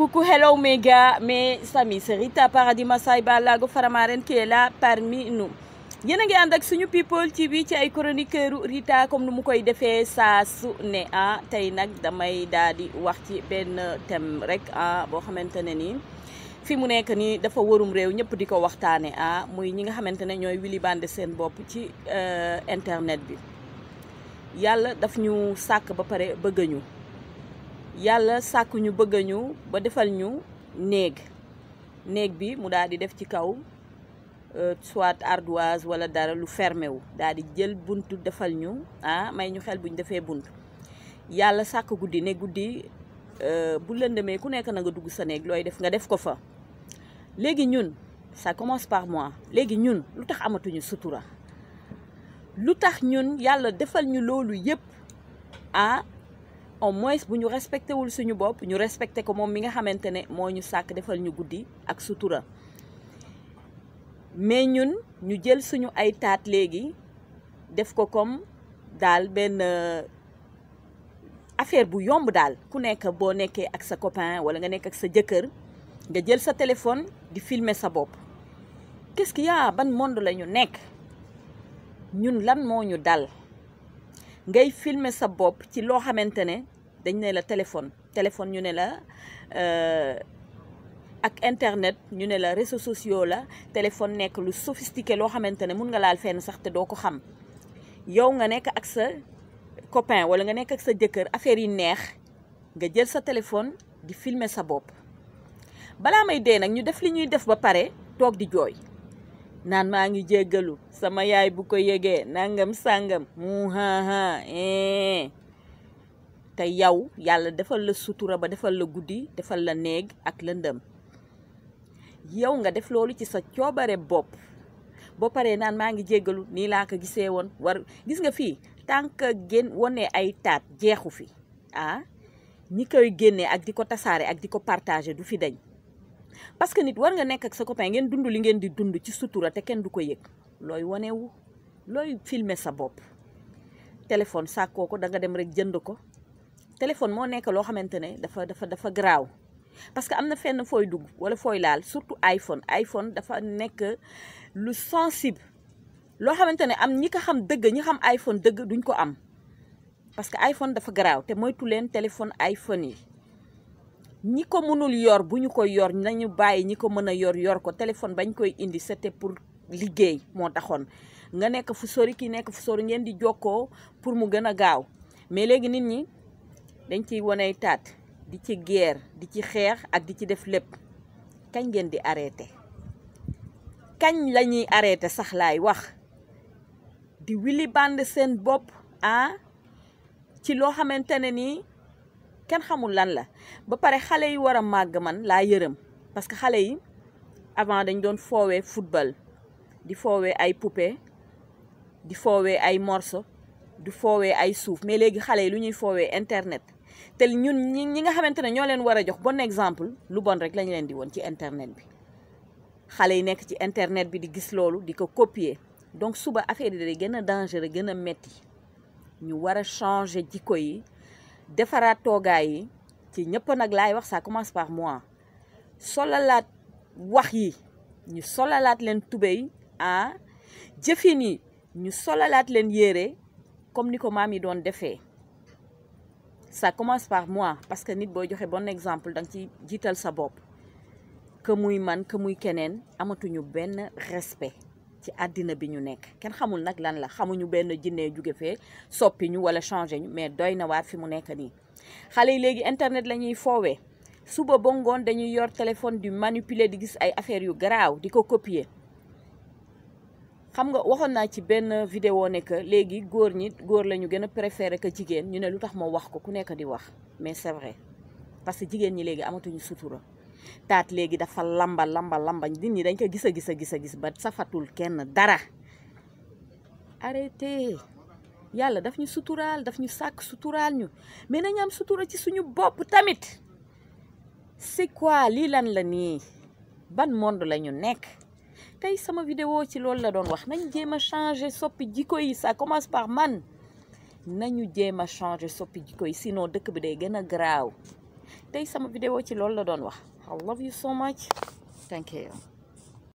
Coucou, hello méga, mes amis, c'est Rita Paradis Massaï Balago Faramaren qui est là parmi nous. yéen a ngi ànd ak suñu people TV ci ay chroniqueur Rita comme nu mu koy defee saa ne a ah, tey nag damay daal di wax ci benn thème rek ah boo xamante ne nii fi mu nekk nii dafa warum réew ñëpp di ko waxtaane ah muy ñi nga xamante ne ñooy wili bande seen bopp ci euh, internet bi yàlla daf ñu sàkk ba pare bëgg ñu. yàlla sàkk ñu bëgg ñu ba defal ñu néeg néeg bi mu daal di def ci kaw euh, soit ardoise wala dara lu fermé wu daal di jël bunt defal ñu ah may ñu xel bu ñu defee bunt yàlla sàkk guddi ne guddi euh, bu lëndëmee ku nekk na nga dugg sa néeg looy def nga def ko fa léegi ñun sa commence par moi léegi ñun lu tax amatuñu sutura lu tax ñun yàlla defal ñu loolu yépp ah, au moins bu ñu respecté wul suñu bopp ñu respecté ko moom mi nga xamante ne moo ñu sàkk defal ñu guddi ak sutura mais ñun ñu jël suñu ay taat léegi def ko comme daal benn euh, affaire bu yomb daal ku nekk boo nekkee ak sa copain wala nga nekk ak sa jëkkër nga jël sa téléphone di filmer sa bopp qu'est-ce qu'il ban monde la ñu nekk ñun lan moo ñu dal ngay filmer sa bopp ci loo xamante ne dañ ne la téléphone téléphone ñu ne la euh, ak internet ñu ne la réseaux sociaux la téléphone nekk lu sophistiqué loo xamante ne mun nga laal fenn sax te doo ko xam yow nga nekk ak sa copain wala nga nekk ak sa jëkkër affaire yi neex nga jël sa téléphone di filmer sa bopp balaa may dee nag ñu def li ñuy def ba pare toog di jooy naan maa ngi jéggalu sama yaay bu ko yëgee nangam sàngam te yow yàlla defal la sutura ba defal la guddi defal la néeg ak lëndëm yow nga def loolu ci sa coobare bopp boo paree naan maa ngi jéggalu ni laa ko gisee woon war gis nga fii tànk génn wone ay taat jeexu fi ah ñi koy génnee ak di ko tasaare ak di ko partager du fi dañ parce que nit war nga nekk ak sa copain ngeen dund li ngeen di dund ci sutura te kenn du ko yëg looy wanewu looy filmer sa bopp téléphone sàkkoo ko da nga dem rek jënd ko téléphone moo nekk loo xamante ne dafa dafa dafa garaaw parce que am na fenn fooy dugg wala fooy laal surtout iPhone iPhone dafa nekk lu sensible loo xamante ne am ñi ko xam dëgg ñi xam iPhone dëgg duñ ko am parce que iPhone dafa garaaw te moytu leen téléphone iPhone yi ñi ko mënul yor bu ñu koy yor nañu bàyyi ñi ko mën a yor yor ko téléphone bañ koy indi sa te pour liggéey moo taxoon nga nekk fu sori ki nekk fu sori ngeen di jokkoo pour mu gën a gaaw mais léegi nit ñi dañ ciy waney taat di ci guerre di ci xeex ak di ci def lépp kañ ngeen di arrêté kañ lañuy ñuy arrêté sax laay wax di wili band seen bopp ah ci loo xamante ne nii kenn xamul lan la ba pare xale yi war a màgg man laa yërëm parce que xale yi avant dañ doon foowee football di foowee ay poupée di foowee ay morceau di foowee ay suuf mais léegi xale yi lu ñuy foowee internet te ñun ñi ñi nga xamante ne ñoo leen war a jox bon exemple lu bon rek lañu leen di woon ci internet bi xale yi nekk ci internet bi di gis loolu di ko copier donc suba affaire yi day gën a dangereux gën a metti ñu war a changer jikko yi defaraat toogaay yi ci ñëpp nag laay wax ça commence par mois solalaat wax yi ñu solalaat leen tubéy ah jëfin yi ñu solalaat leen yére comme ni ko maam yi doon defee ça commence par moi parce que nit boo joxe bon exemple danga nga ci jiital sa bopp que muy man que muy keneen amatuñu benn respect ci àddina bi ñu nekk kenn xamul nag lan la xamuñu benn jinne jóge fee soppi ñu wala changé ñu mais doy na waar fi mu nekk nii xale yi léegi internet lañuy ñuy foowee suba ba ngoon dañuy yor téléphone di manipuler di gis ay affaires yu garaaw di ko copier xam nga waxoon naa ci benn vidéo ne léegi góor ñi góor la ñu gën a préféré que jigéen ñu ne lu tax moo wax ko ku nekk di wax mais c'est vrai parce que jigéen ñi léegi amatuñu sutura taat léegi dafa lamba lamba lamba nit ñi dañ ko gis a gis a gis a gis ba safatul kenn dara arrêté yàlla daf ñu suturaal daf ñu sàkk suturaal ñu mais nañ am sutura ci suñu bopp tamit c'est quoi lii lan la nii ban monde la ñu nekk tey sama vidéo ci loolu la doon wax nañ jéem a changer soppi jikko yi ça commence par man nañu jéem a changer soppi jikko yi sinon dëkk bi day gën a garaaw tey sama vidéo ci loolu la doon wax I love you so much. Thank you.